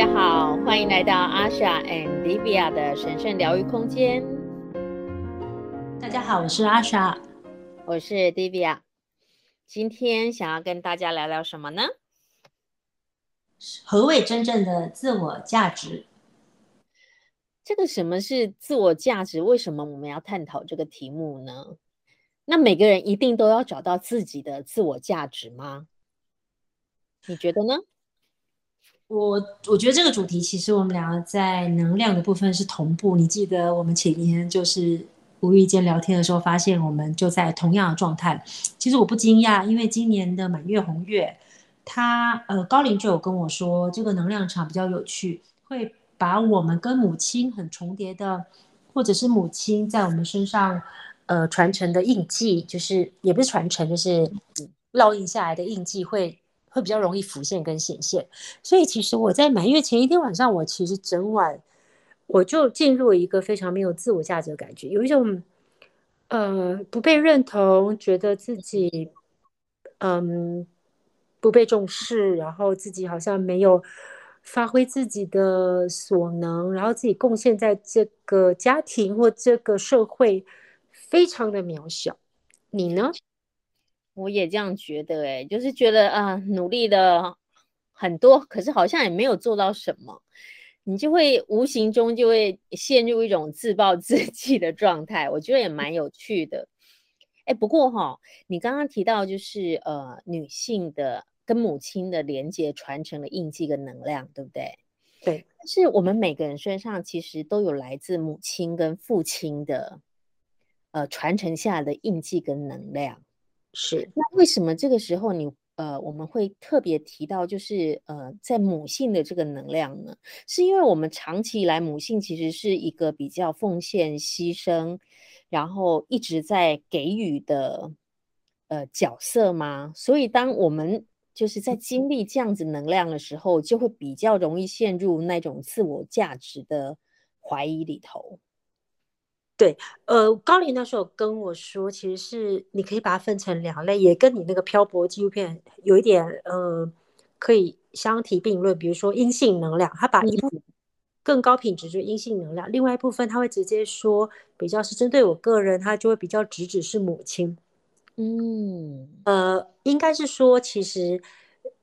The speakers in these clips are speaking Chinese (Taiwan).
大家好，歡迎來到阿莎 and Divya 的神聖療癒空間。大家好，我是阿莎，我是 Divya，今天想要跟大家聊聊什麼呢？何為真正的自我價值？這個什麼是自我價值？為什麼我們要探討這個題目呢？那每個人一定都要找到自己的自我價值嗎？你覺得呢？ 我我覺得這個主題其實我們兩個在能量的部分是同步。你記得我們前一天就是無意間聊天的時候，發現我們就在同樣的狀態。其實我不驚訝，因為今年的滿月紅月，他呃高靈就有跟我說，這個能量場比較有趣，會把我們跟母親很重疊的，或者是母親在我們身上呃傳承的印記，就是也不是傳承，就是烙印下來的印記會。會比較容易浮現跟顯現，所以其實我在滿月前一天晚上，我其實整晚我就進入一個非常沒有自我價值的感覺，有一種呃不被認同，覺得自己嗯不被重視，然後自己好像沒有發揮自己的所能，然後自己貢獻在這個家庭或這個社會非常的渺小。你呢？我也這樣覺得、欸，哎，就是覺得啊、呃，努力的很多，可是好像也沒有做到什麼，你就會無形中就會陷入一種自暴自棄的狀態。我覺得也蠻有趣的，哎、欸，不過哈、哦，你剛剛提到就是呃，女性的跟母親的連接傳承的印記跟能量，對不對？對，但是我們每個人身上其實都有來自母親跟父親的呃傳承下的印記跟能量。是，那為什麼這個時候你呃，我們會特別提到，就是呃在母性的這個能量呢？是因為我們長期以來母性其實是一個比較奉獻、犧牲，然後一直在給予的呃角色嗎？所以當我們就是在經歷這樣子能量的時候，就會比較容易陷入那種自我價值的懷疑裡頭。對，呃，高靈那時候跟我說，其實是你可以把它分成兩類，也跟你那個漂泊紀錄片有一點，呃，可以相提並論。比如說陰性能量，他把一部分更高品質就是陰性能量，另外一部分他會直接說，比較是針對我個人，他就會比較直指是母親。嗯，呃，應該是說，其實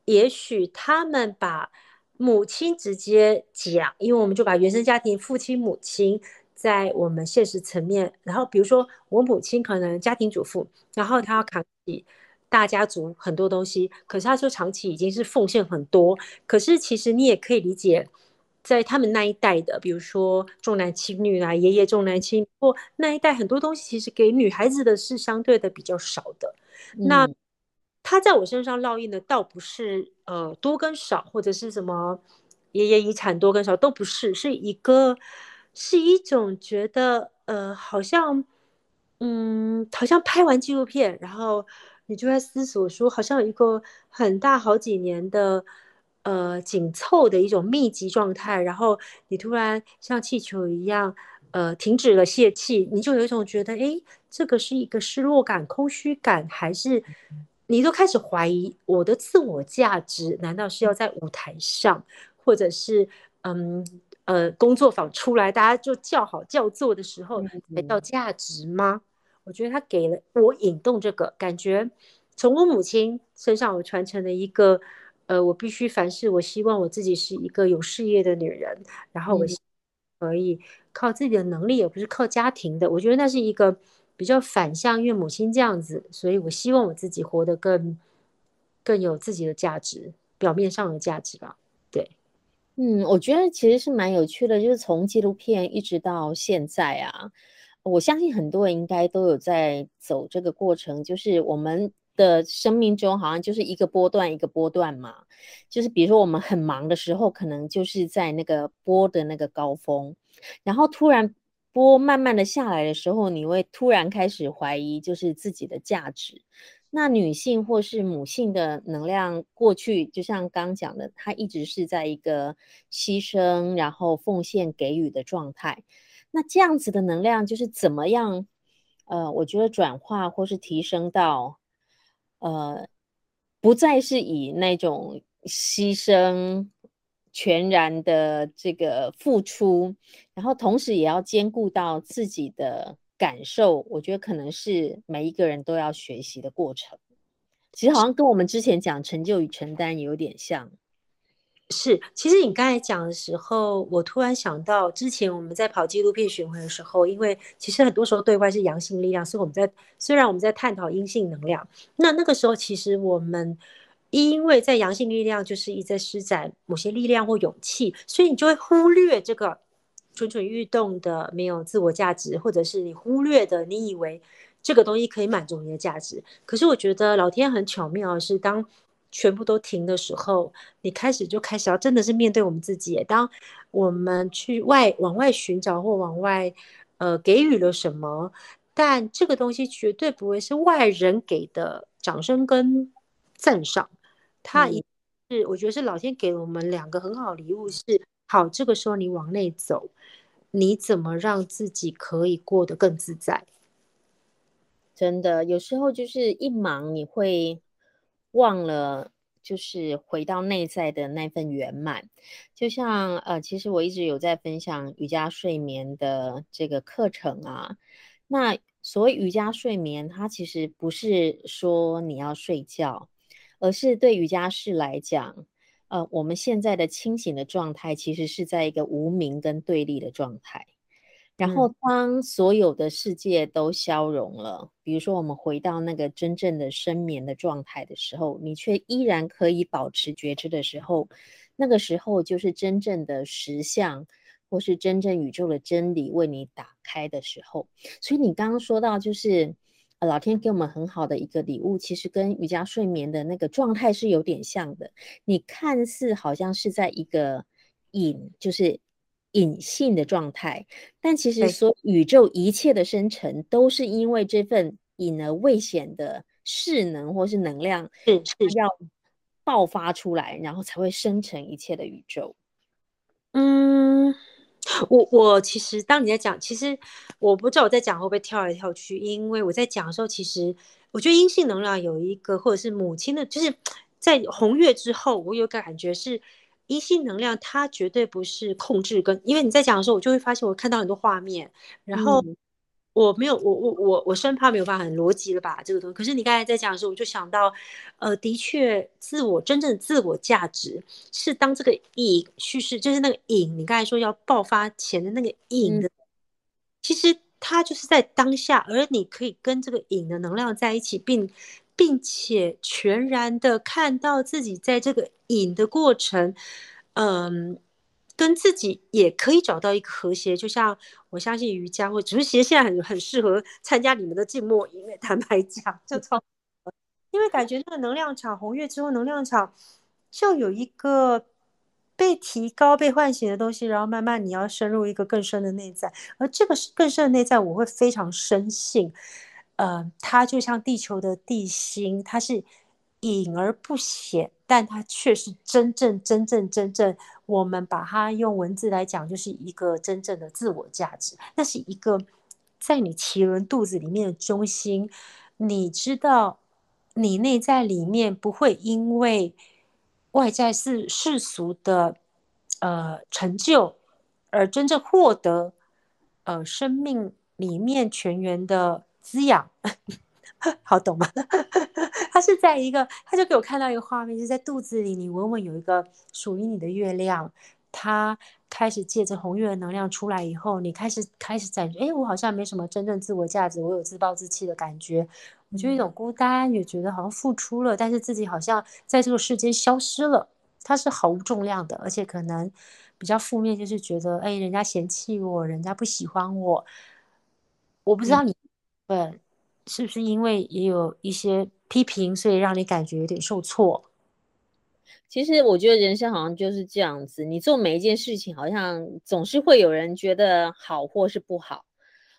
也許他們把母親直接講，因為我們就把原生家庭、父親、母親。在我們現實層面，然後比如說我母親可能家庭主婦，然後她扛起大家族很多東西，可是她說長期已經是奉獻很多。可是其實你也可以理解，在他們那一代的，比如說重男輕女啊，爺爺重男輕女，那一代很多東西其實給女孩子的是相對的比較少的。嗯、那她在我身上烙印的倒不是呃多跟少，或者是什麼爺爺遺產多跟少都不是，是一個。是一種覺得，呃，好像，嗯，好像拍完紀錄片，然後你就在思索說，好像有一個很大好幾年的，呃，緊湊的一種密集狀態，然後你突然像氣球一樣，呃，停止了洩氣，你就有一種覺得，哎，這個是一個失落感、空虛感，還是你都開始懷疑我的自我價值？難道是要在舞台上，或者是，嗯？呃，工作坊出來，大家就叫好叫座的時候，才、嗯、叫價值嗎？我覺得他給了我引動這個感覺，從我母親身上，我傳承了一個，呃，我必須凡事，我希望我自己是一個有事業的女人，嗯、然後我可以、嗯、靠自己的能力，也不是靠家庭的。我覺得那是一個比較反向，因為母親這樣子，所以我希望我自己活得更更有自己的價值，表面上的價值吧。嗯，我覺得其實是蠻有趣的，就是從紀錄片一直到現在啊，我相信很多人應該都有在走這個過程，就是我們的生命中好像就是一個波段一個波段嘛，就是比如說我們很忙的時候，可能就是在那個波的那個高峰，然後突然波慢慢的下來的時候，你會突然開始懷疑就是自己的價值。那女性或是母性的能量，過去就像剛講的，她一直是在一個犧牲、然後奉獻、給予的狀態。那這樣子的能量，就是怎麼樣？呃，我覺得轉化或是提升到，呃，不再是以那種犧牲、全然的這個付出，然後同時也要兼顧到自己的。感受，我覺得可能是每一個人都要學習的過程。其實好像跟我們之前講成就與承擔有點像。是，其實你剛才講的時候，我突然想到，之前我們在跑紀錄片巡迴的時候，因為其實很多時候對外是陽性力量，所以我們在，雖然我們在探討陰性能量，那那個時候其實我們因為在陽性力量就是一直在施展某些力量或勇氣，所以你就會忽略這個。蠢蠢欲動的，沒有自我價值，或者是你忽略的，你以為這個東西可以滿足你的價值。可是我覺得老天很巧妙，是當全部都停的時候，你開始就開始要真的是面對我們自己。當我們去外往外尋找或往外呃給予了什麼，但這個東西絕對不會是外人給的掌聲跟讚賞，它也是、嗯、我覺得是老天給我們兩個很好的禮物是。好，這個時候你往內走，你怎麼讓自己可以過得更自在？真的，有時候就是一忙，你會忘了，就是回到內在的那份圓滿。就像呃，其實我一直有在分享瑜伽睡眠的這個課程啊。那所謂瑜伽睡眠，它其實不是說你要睡覺，而是對瑜伽士來講。呃，我們現在的清醒的狀態，其實是在一個無明跟對立的狀態。然後，當所有的世界都消融了，嗯、比如說我們回到那個真正的深眠的狀態的時候，你卻依然可以保持覺知的時候，那個時候就是真正的實相，或是真正宇宙的真理為你打開的時候。所以你剛剛說到，就是。呃，老天給我們很好的一個禮物，其實跟瑜伽睡眠的那個狀態是有點像的。你看似好像是在一個隱，就是隱性的狀態，但其實，所宇宙一切的生成，都是因為這份隱而未顯的勢能或是能量，是是對要爆發出來，然後才會生成一切的宇宙。嗯。我我其實，當你在講，其實我不知道我在講會不會跳來跳去，因為我在講的時候，其實我覺得陰性能量有一個，或者是母親的，就是在紅月之後，我有感覺是陰性能量，它絕對不是控制跟，因為你在講的時候，我就會發現我看到很多畫面，然後、嗯。我沒有，我我我我生怕沒有辦法很邏輯了吧這個東西，可是你剛才在講的時候，我就想到，呃，的確，自我真正的自我價值是當這個影去世，就是那個影，你剛才說要爆發前的那個影的，嗯、其實它就是在當下，而你可以跟這個影的能量在一起，并並且全然的看到自己在這個影的過程，嗯。跟自己也可以找到一個和諧，就像我相信瑜伽會，或只是其實現在很很適合參加你們的靜默營，因為坦白講，就從，因為感覺那個能量場，紅月之後能量場，就有一個被提高、被喚醒的東西，然後慢慢你要深入一個更深的內在，而這個更深的內在，我會非常深信，呃，它就像地球的地心，它是隱而不顯，但它卻是真正、真正、真正。我們把它用文字來講，就是一個真正的自我價值。那是一個在你臍輪肚子裡面的中心。你知道，你內在裡面不會因為外在是世俗的呃成就，而真正獲得呃生命裡面全員的滋養。 好懂嗎？ 他是在一個，他就給我看到一個畫面，就是，在肚子裡，你穩穩有一個屬於你的月亮。他開始借着紅月的能量出來以後，你開始開始感覺，哎，我好像沒什麼真正自我價值，我有自暴自棄的感覺，我就有一種孤單，也覺得好像付出了，但是自己好像在這個世間消失了。它是毫無重量的，而且可能比較負面，就是覺得，哎，人家嫌棄我，人家不喜歡我。我不知道你，嗯。是不是因為也有一些批評，所以讓你感覺有點受挫？其實我覺得人生好像就是這樣子，你做每一件事情，好像總是會有人覺得好或是不好。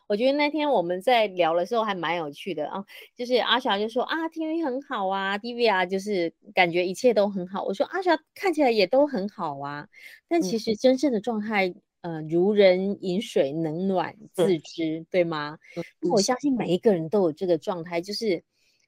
我覺得那天我們在聊的時候還蠻有趣的啊，就是 Asha 就說啊，t v 很好啊，Divya 就是感覺一切都很好。我說 Asha 看起來也都很好啊，但其實真正的狀態嗯嗯。呃、如人飲水，冷暖自知，嗯、對嗎？嗯、我相信每一個人都有這個狀態，就是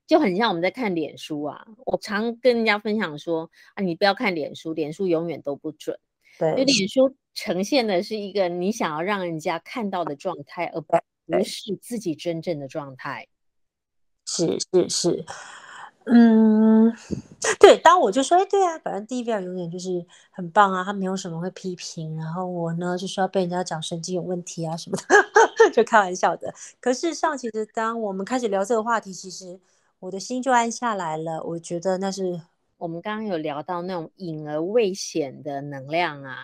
就很像我們在看臉書啊。我常跟人家分享說啊，你不要看臉書，臉書永遠都不準，對，就臉書呈現的是一個你想要讓人家看到的狀態，而不是自己真正的狀態。是是是。是是嗯，對，當我就說，哎，對啊，反正 Divya 永遠就是很棒啊，他沒有什麼會批評，然後我呢就說要被人家講神經有問題啊什麼的，呵呵，就開玩笑的。可是上其實，當我們開始聊這個話題，其實我的心就安下來了。我覺得那是我們剛剛有聊到那種隱而未顯的能量啊，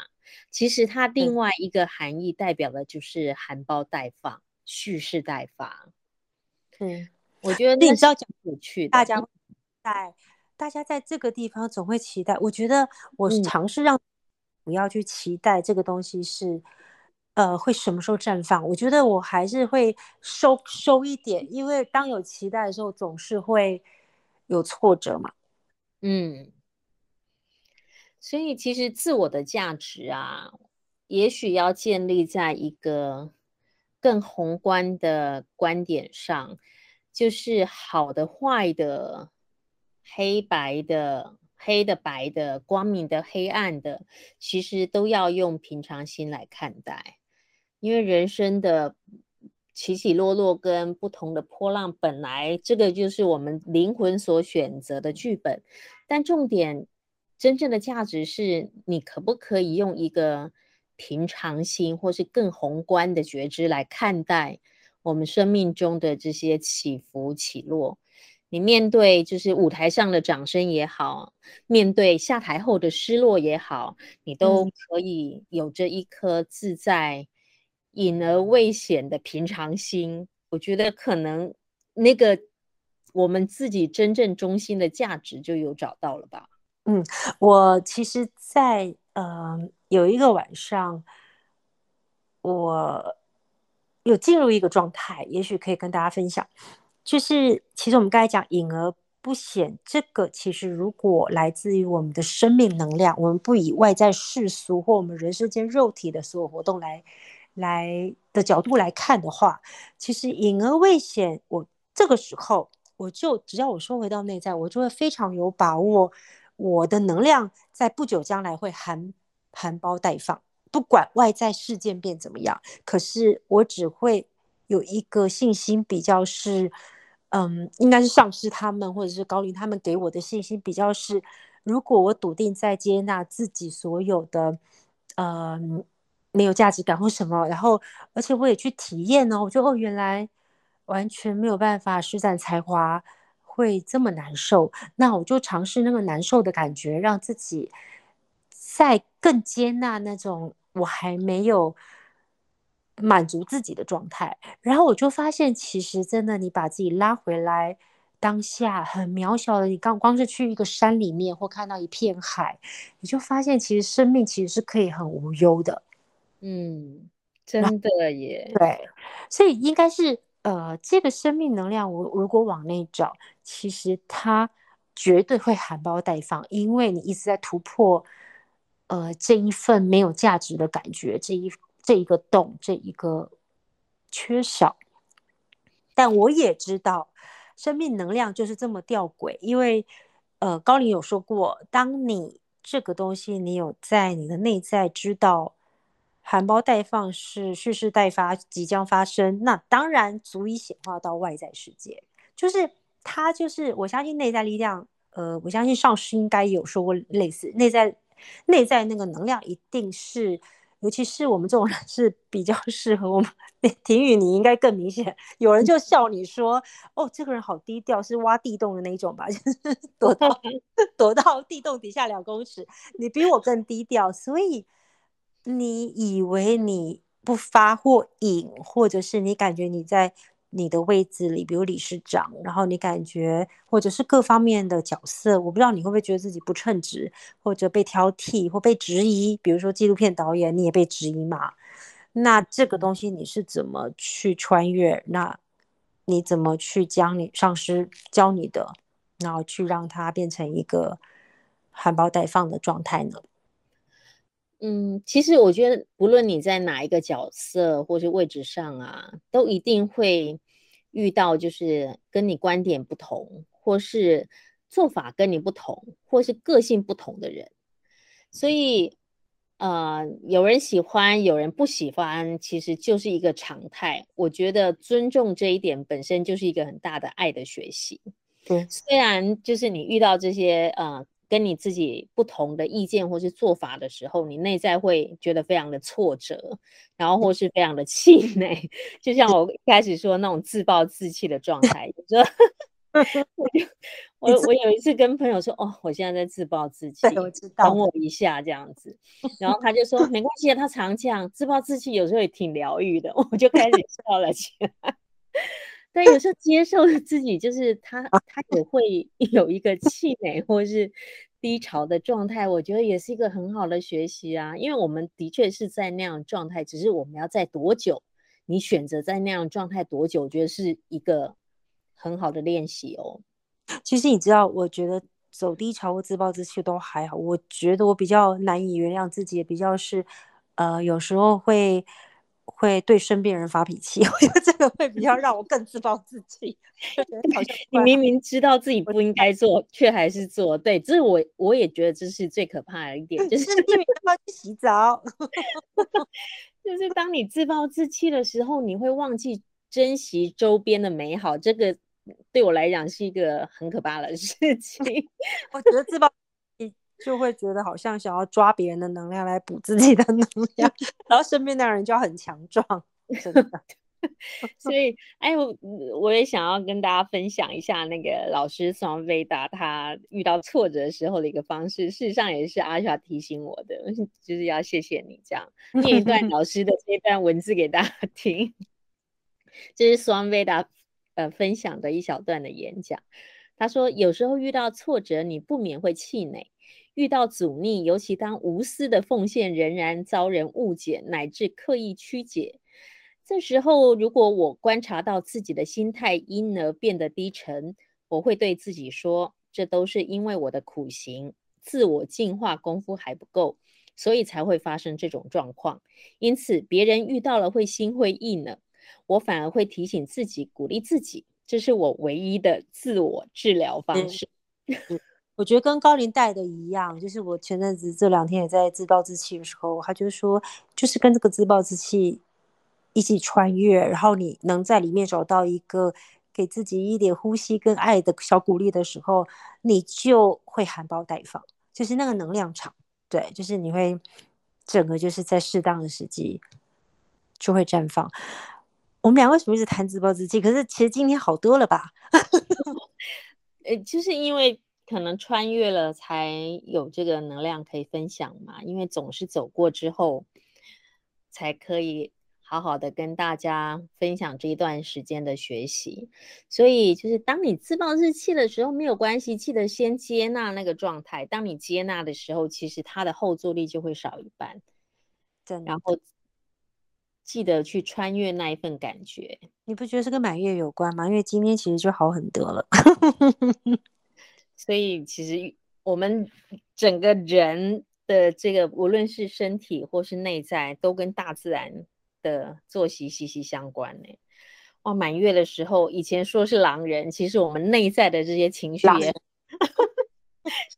其實它另外一個含義代表的就是含苞待放，嗯、蓄勢待發。對、嗯。我覺得你知要講有趣大家。在大家在這個地方總會期待，我覺得我嘗試讓不要去期待這個東西是，嗯、呃，會什麼時候綻放？我覺得我還是會收收一點，因為當有期待的時候，總是會有挫折嘛。嗯，所以其實自我的價值啊，也許要建立在一個更宏觀的觀點上，就是好的壞的。黑白的、黑的、白的、光明的、黑暗的，其實都要用平常心來看待。因為人生的起起落落跟不同的波浪，本來這個就是我們靈魂所選擇的劇本。但重點，真正的價值是你可不可以用一個平常心或是更宏觀的覺知來看待我們生命中的這些起伏起落。你面對就是舞台上的掌聲也好，面對下台後的失落也好，你都可以有着一顆自在、嗯、隱而未顯的平常心。我覺得可能那個我們自己真正中心的價值就有找到了吧。嗯，我其實在，在呃有一個晚上，我有進入一個狀態，也許可以跟大家分享。就是，其實我們剛才講隱而不顯，這個其實如果來自於我們的生命能量，我們不以外在世俗或我們人世間肉體的所有活動來，來的角度來看的話，其實隱而未顯。我這個時候，我就只要我說回到內在，我就會非常有把握，我的能量在不久將來會含含苞待放，不管外在事件變怎麼樣，可是我只會。有一個信心比較是，嗯，應該是上師他們或者是高靈他們給我的信心比較是，如果我篤定在接納自己所有的，嗯，沒有價值感或什麼，然後而且我也去體驗呢、哦，我覺得哦，原來完全沒有辦法施展才華會這麼難受，那我就嘗試那個難受的感覺，讓自己再更接納那種我還沒有。滿足自己的狀態，然後我就發現，其實真的，你把自己拉回來，當下很渺小的，你剛光是去一個山裡面或看到一片海，你就發現，其實生命其實是可以很無憂的。嗯，真的耶。然後，對，所以應該是，呃，這個生命能量，我如果往內找，其實它絕對會含苞待放，因為你一直在突破，呃，這一份沒有價值的感覺，這一份。這一個洞，這一個缺少，但我也知道，生命能量就是這麼弔詭。因為，呃，高靈有說過，當你這個東西，你有在你的內在知道含苞待放是蓄勢待發，即將發生，那當然足以顯化到外在世界。就是它，就是我相信內在力量，呃，我相信上師應該有說過類似內在，內在那個能量一定是。尤其是我們這種人是比較適合我們。廷宇，你應該更明顯。有人就笑你說：“ 哦，這個人好低調，是挖地洞的那一種吧？ 躲到躲到地洞底下兩公尺。”你比我更低調，所以你以為你不發或影，或者是你感覺你在。你的位置裡，比如理事長，然後你感覺或者是各方面的角色，我不知道你會不會覺得自己不稱職，或者被挑剔，或被質疑。比如說紀錄片導演，你也被質疑嘛？那這個東西你是怎麼去穿越？那你怎麼去將你上師教你的，然後去讓它變成一個含苞待放的狀態呢？嗯，其實我覺得，不論你在哪一個角色或是位置上啊，都一定會遇到，就是跟你觀點不同，或是做法跟你不同，或是個性不同的人。所以，呃，有人喜歡，有人不喜歡，其實就是一個常態。我覺得尊重這一點本身就是一個很大的愛的學習。嗯，雖然就是你遇到這些呃。跟你自己不同的意見或是做法的時候，你內在會覺得非常的挫折，然後或是非常的氣餒， 就像我一開始說那種自暴自棄的狀態。我就我，我有一次跟朋友說，哦，我現在在自暴自棄，我等我一下這樣子，然後他就說沒關係啊，他常這樣自暴自棄，有時候也挺療癒的，我就開始笑了起來。 但有時候接受自己，就是他，他也會有一個氣餒或是低潮的狀態。我覺得也是一個很好的學習啊，因為我們的確是在那樣狀態，只是我們要在多久？你選擇在那樣狀態多久？我覺得是一個很好的練習哦。其實你知道，我覺得走低潮或自暴自棄都還好，我覺得我比較難以原諒自己，也比較是呃，有時候會。會對身邊人發脾氣，我覺得這個會比較讓我更自暴自棄， 你明明知道自己不應該做，卻還是做。對，這是我，我也覺得這是最可怕的一點，就是最怕去洗澡。 就是當你自暴自棄的時候，你會忘記珍惜周邊的美好，這個對我來講是一個很可怕的事情。我覺得自暴 就會覺得好像想要抓別人的能量來補自己的能量， 然後身邊的人就要很強壯。真的， 所以哎，我我也想要跟大家分享一下那個老師 Swami Veda 他遇到挫折的時候的一個方式。事實上也是 Asha 提醒我的，就是要謝謝你這樣念 一段老師的這一段文字給大家聽。這，就是 Swami Veda 呃分享的一小段的演講，他說有時候遇到挫折，你不免會氣餒。遇到阻力，尤其當無私的奉獻仍然遭人誤解乃至刻意曲解，這時候如果我觀察到自己的心態因而變得低沉，我會對自己說：這都是因為我的苦行、自我淨化功夫還不夠，所以才會發生這種狀況。因此，別人遇到了會心灰意冷，我反而會提醒自己、鼓勵自己，這是我唯一的自我治療方式。嗯 我覺得跟高靈帶的一樣，就是我前陣子這兩天也在自暴自棄的時候，他就說，就是跟這個自暴自棄一起穿越，然後你能在裡面找到一個給自己一點呼吸跟愛的小鼓勵的時候，你就會含苞待放，就是那個能量場，對，就是你會整個就是在適當的時機就會綻放。我們倆為什麼一直談自暴自棄？可是其實今天好多了吧？ 呃，就是因為。可能穿越了才有這個能量可以分享嘛？因為總是走過之後，才可以好好的跟大家分享這一段時間的學習。所以，就是當你自暴自棄的時候，沒有關係，記得先接納那個狀態。當你接納的時候，其實它的後坐力就會少一半。對的，然後記得去穿越那一份感覺。你不覺得這跟滿月有關嗎？因為今天其實就好很多了。 所以，其實我們整個人的這個，無論是身體或是內在，都跟大自然的作息息息相關呢。哇，滿月的時候，以前說是狼人，其實我們內在的這些情緒也，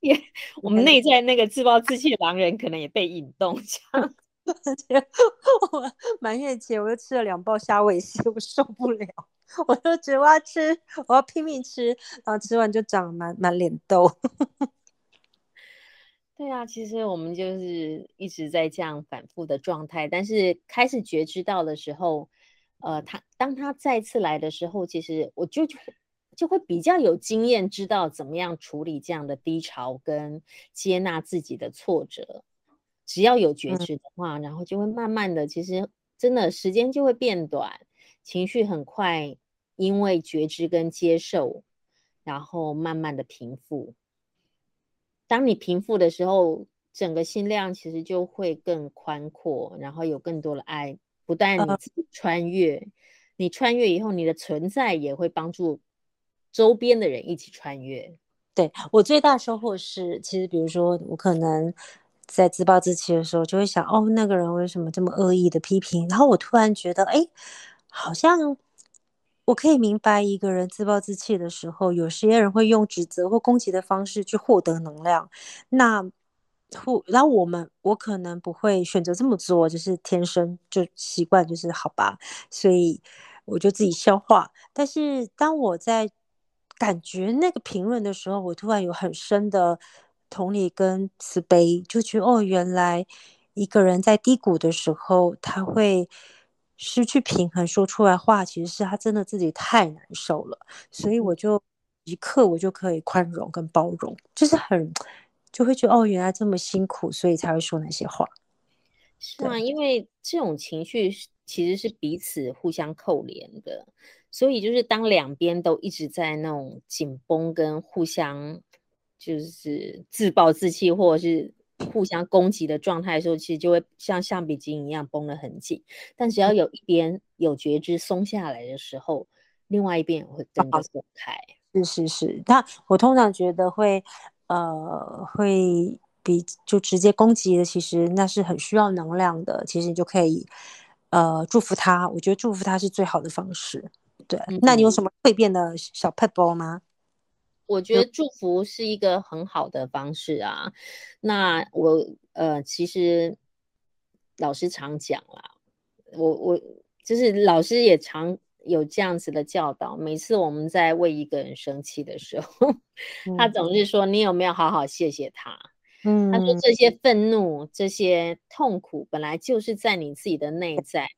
也狼， 我們內在那個自暴自棄的狼人，可能也被引動這樣。 我滿怨氣，我又吃了兩包蝦味先，我受不了。我就覺得，我要吃，我要拼命吃，然後吃完就長滿滿臉痘。 對啊，其實我們就是一直在這樣反覆的狀態，但是開始覺知到的時候，呃，他當他再次來的時候，其實我就就會比較有經驗，知道怎麼樣處理這樣的低潮，跟接納自己的挫折。只要有覺知的話，嗯、然後就會慢慢的，其實真的時間就會變短，情緒很快因為覺知跟接受，然後慢慢的平復。當你平復的時候，整個心量其實就會更寬闊，然後有更多的愛。不但你自己穿越，呃、你穿越以後，你的存在也會幫助周邊的人一起穿越。對，我最大收穫是，其實比如說我可能。在自暴自棄的時候，就會想哦，那個人為什麼這麼惡意的批評？然後我突然覺得，誒，好像我可以明白一個人自暴自棄的時候，有些人會用指責或攻擊的方式去獲得能量。那，那我們，我可能不會選擇這麼做，就是天生就習慣，就是好吧，所以我就自己消化。但是當我在感覺那個評論的時候，我突然有很深的。同理跟慈悲，就覺得哦，原來一個人在低谷的時候，他會失去平衡，說出來話，其實是他真的自己太難受了。所以我就一刻我就可以寬容跟包容，就是很就會覺得哦，原來這麼辛苦，所以才會說那些話。是啊，因為這種情緒其實是彼此互相扣連的，所以就是當兩邊都一直在那種緊繃跟互相。就是自暴自棄，或者是互相攻擊的狀態的時候，其實就會像橡皮筋一樣繃得很緊。但只要有一邊有覺知鬆下來的時候，另外一邊也會跟著鬆開。啊。是是是，但我通常覺得會呃會比就直接攻擊的，其實那是很需要能量的。其實你就可以呃祝福他，我覺得祝福他是最好的方式。對，嗯、那你有什麼蛻變的小撇步嗎？我覺得祝福是一個很好的方式啊。嗯、那我呃，其實老師常講啦，我我就是老師也常有這樣子的教導。每次我們在為一個人生氣的時候，嗯、 他總是說：“你有沒有好好謝謝他？”嗯，他說：“這些憤怒、這些痛苦，本來就是在你自己的內在，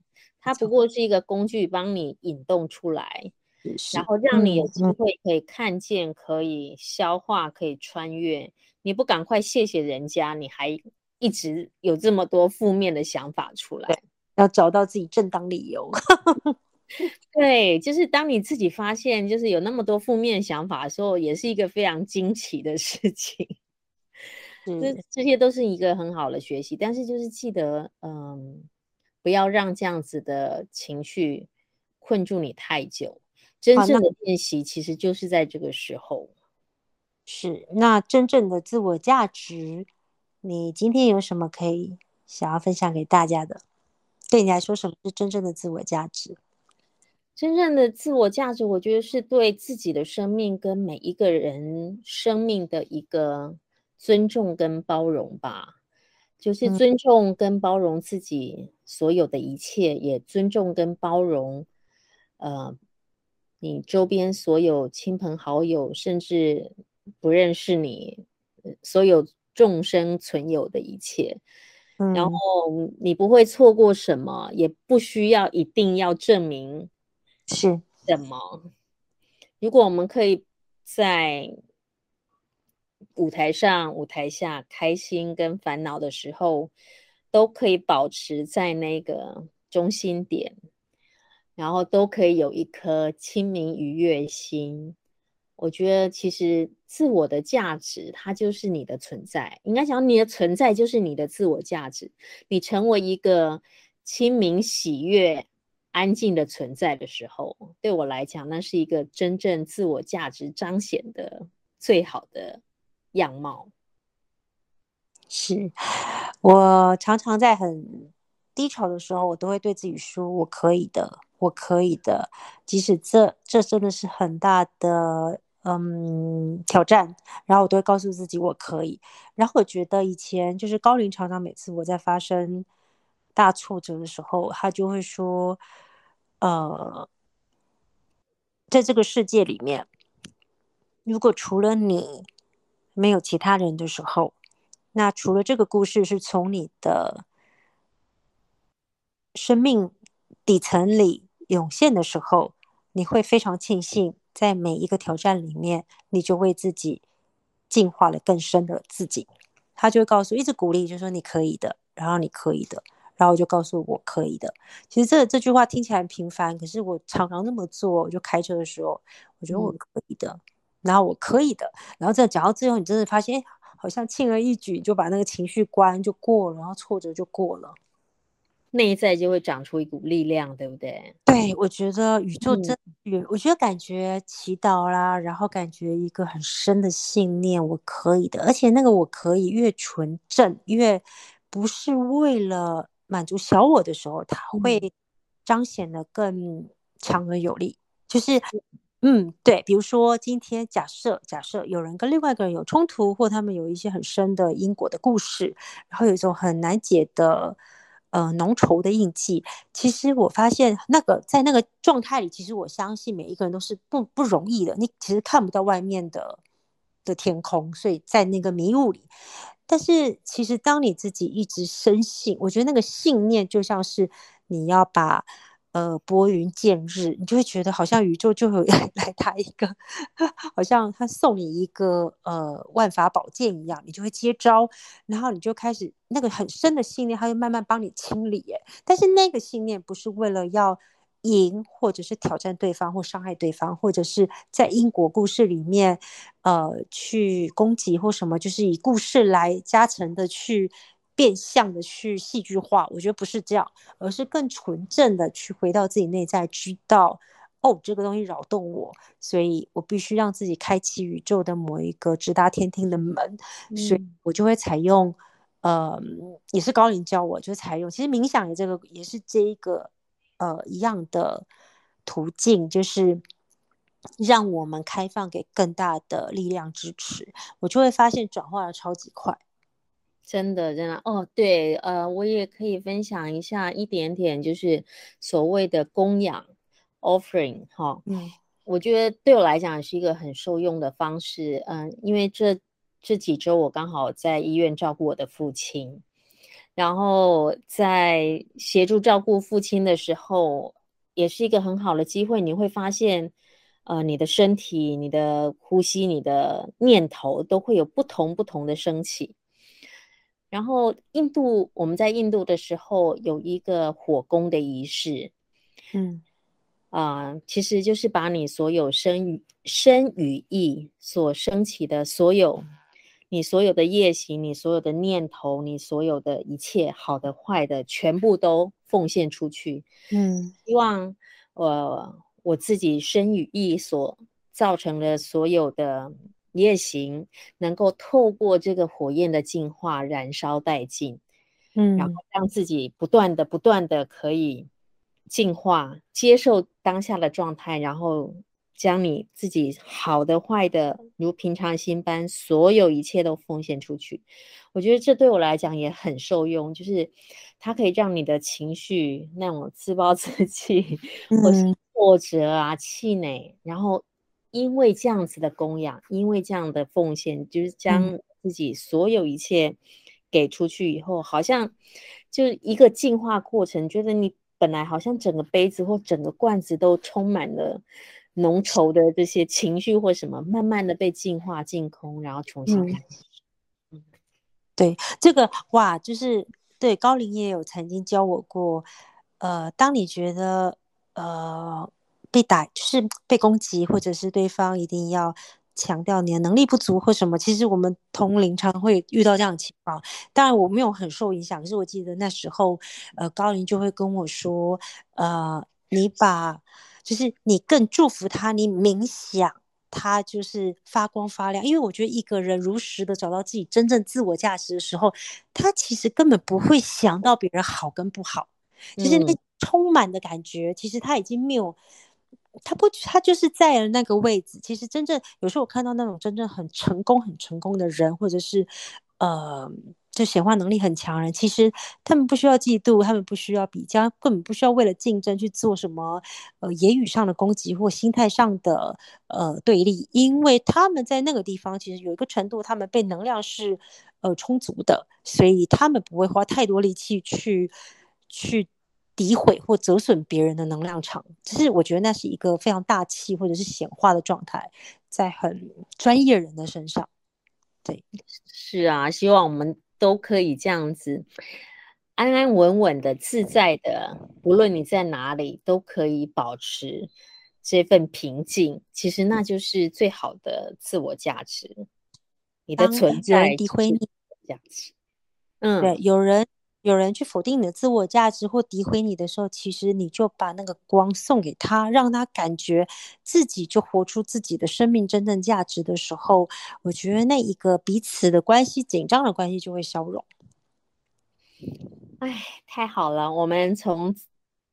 它不過是一個工具，幫你引動出來。”是是，然後讓你有機會可以看見、嗯嗯、可以消化、可以穿越。你不趕快謝謝人家，你還一直有這麼多負面的想法出來。對，要找到自己正當理由。 對，就是當你自己發現，就是有那麼多負面的想法的時候，也是一個非常驚奇的事情。這是這些都是一個很好的學習，但是就是記得，嗯，不要讓這樣子的情緒困住你太久。真正的練習、啊、其實就是在這個時候。是，那真正的自我價值，你今天有什麼可以想要分享給大家的？對你來說，什麼是真正的自我價值？真正的自我價值，我覺得是對自己的生命跟每一個人生命的一個尊重跟包容吧。就是尊重跟包容自己所有的一切，嗯、也尊重跟包容，呃。你週邊所有親朋好友，甚至不認識你所有眾生存有的一切，嗯、然後你不會錯過什麼，也不需要一定要證明是什麼。是如果我們可以在舞台上、舞台下，開心跟煩惱的時候，都可以保持在那個中心點。然後都可以有一顆清明愉悅心，我覺得其實自我的價值，它就是你的存在。應該講，你的存在就是你的自我價值。你成為一個清明喜悅、安靜的存在的時候，對我來講，那是一個真正自我價值彰顯的最好的樣貌。是，我常常在很，低潮的時候，我都會對自己說：“我可以的，我可以的。”即使這這真的是很大的嗯挑戰，然後我都會告訴自己我可以。然後我覺得以前就是高靈常常每次我在發生大挫折的時候，他就會說：“呃，在這個世界裡面，如果除了你沒有其他人的時候，那除了這個故事是從你的。”生命底層裡湧現的時候，你會非常慶幸，在每一個挑戰裡面，你就為自己進化了更深的自己。他就告訴，一直鼓勵，就是說你可以的，然後你可以的，然後我就告訴我可以的。其實這這句話聽起來很平凡，可是我常常那麼做。我就開車的時候，我覺得我可以的，嗯、然後我可以的，然後這講到最後，你真的發現、哎，好像輕而易舉就把那個情緒關就過了，然後挫折就過了。內在就會長出一股力量，對不對？對，我覺得宇宙真，嗯、我覺得感覺祈禱啦，然後感覺一個很深的信念，我可以的，而且那個我可以越純正，越不是為了滿足小我的時候，它會彰顯得更強而有力。嗯、就是，嗯，對，比如說今天假設假設有人跟另外一個人有衝突，或他們有一些很深的因果的故事，然後有一種很難解的。呃，濃稠的印記。其實我發現，那個在那個狀態裡，其實我相信每一個人都是不不容易的。你其實看不到外面的的天空，所以在那個迷霧裡。但是其實當你自己一直深信，我覺得那個信念就像是你要把。呃，撥雲見日，你就會覺得好像宇宙就會來他一個，好像他送你一個呃萬法寶劍一樣，你就會接招，然後你就開始那個很深的信念，他會慢慢幫你清理、欸。哎，但是那個信念不是為了要贏，或者是挑戰對方，或傷害對方，或者是在因果故事裡面呃去攻擊或什麼，就是以故事來加成的去。變相的去戲劇化，我覺得不是這樣，而是更純正的去回到自己內在，知道哦，這個東西擾動我，所以我必須讓自己開啟宇宙的某一個直達天庭的門，嗯、所以我就會採用，嗯、呃，也是高靈教我，就採用，其實冥想的這個也是這一個呃一樣的途徑，就是讓我們開放給更大的力量支持，我就會發現轉化的超級快。真的，真的哦，oh, 對，呃，我也可以分享一下一點點，就是所謂的供養 offering 哈，嗯，我覺得對我來講是一個很受用的方式，嗯，呃，因為這這幾週我剛好在醫院照顧我的父親，然後在協助照顧父親的時候，也是一個很好的機會，你會發現，呃，你的身體、你的呼吸、你的念頭都會有不同不同的升起。然後，印度我們在印度的時候有一個火供的儀式，嗯啊、呃，其實就是把你所有身、身語意所升起的所有，你所有的業行，你所有的念頭，你所有的一切好的壞的，全部都奉獻出去，嗯，希望我、呃、我自己身語意所造成的所有的。你也行，能夠透過這個火焰的進化燃燒殆盡，嗯，然後讓自己不斷的、不斷的可以進化，接受當下的狀態，然後將你自己好的、壞的，嗯、如平常心般，所有一切都奉獻出去。我覺得這對我來講也很受用，就是它可以讓你的情緒那種自暴自棄，嗯、或是挫折啊、氣餒，然後。因為這樣子的供養，因為這樣的奉獻，就是將自己所有一切給出去以後，嗯、好像就是一個淨化過程。覺得你本來好像整個杯子或整個罐子都充滿了濃稠的這些情緒或什麼，慢慢的被淨化、淨空，然後重新開始。嗯，對，這個哇，就是對高靈也有曾經教我過，呃，當你覺得呃。被打就是被攻擊，或者是對方一定要強調你的能力不足或什麼。其實我們通靈常會遇到這樣的情況，當然我沒有很受影響。可是我記得那時候，呃，高靈就會跟我說，呃，你把就是你更祝福他，你冥想他就是發光發亮。因為我覺得一個人如實的找到自己真正自我價值的時候，他其實根本不會想到別人好跟不好，嗯、就是那充滿的感覺。其實他已經沒有。他不，他就是在那個位置。其實，真正有時候我看到那種真正很成功、很成功的人，或者是，呃，就顯化能力很強人，其實他們不需要嫉妒，他們不需要比較，根本不需要為了競爭去做什麼，呃，言語上的攻擊或心態上的呃對立，因為他們在那個地方，其實有一個程度，他們被能量是呃充足的，所以他們不會花太多力氣去去。詆毀或折損別人的能量場，只是我覺得那是一個非常大氣或者是顯化的狀態，在很專業人的身上。對，是啊，希望我們都可以這樣子安安穩穩的、自在的，無論你在哪裡，都可以保持這份平靜。其實那就是最好的自我價值。當 你的存在詆毀你，的價值。嗯，對，有人。有人去否定你的自我價值或詆毀你的時候，其實你就把那個光送給他，讓他感覺自己就活出自己的生命真正價值的時候，我覺得那一個彼此的關係緊張的關係就會消融。哎，太好了，我們從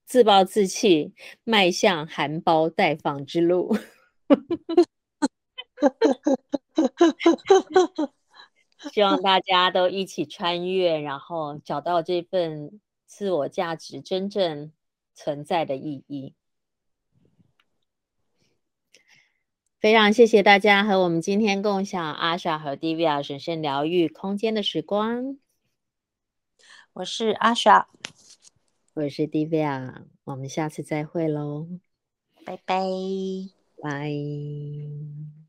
自暴自棄邁向含苞待放之路。 希望大家都一起穿越， 然後找到這份自我價值真正存在的意義。 非常謝謝大家和我們今天共享阿莎和 Divya 神聖療癒空間的時光。我是阿莎，我是 Divya，我們下次再會嘍，拜拜，拜。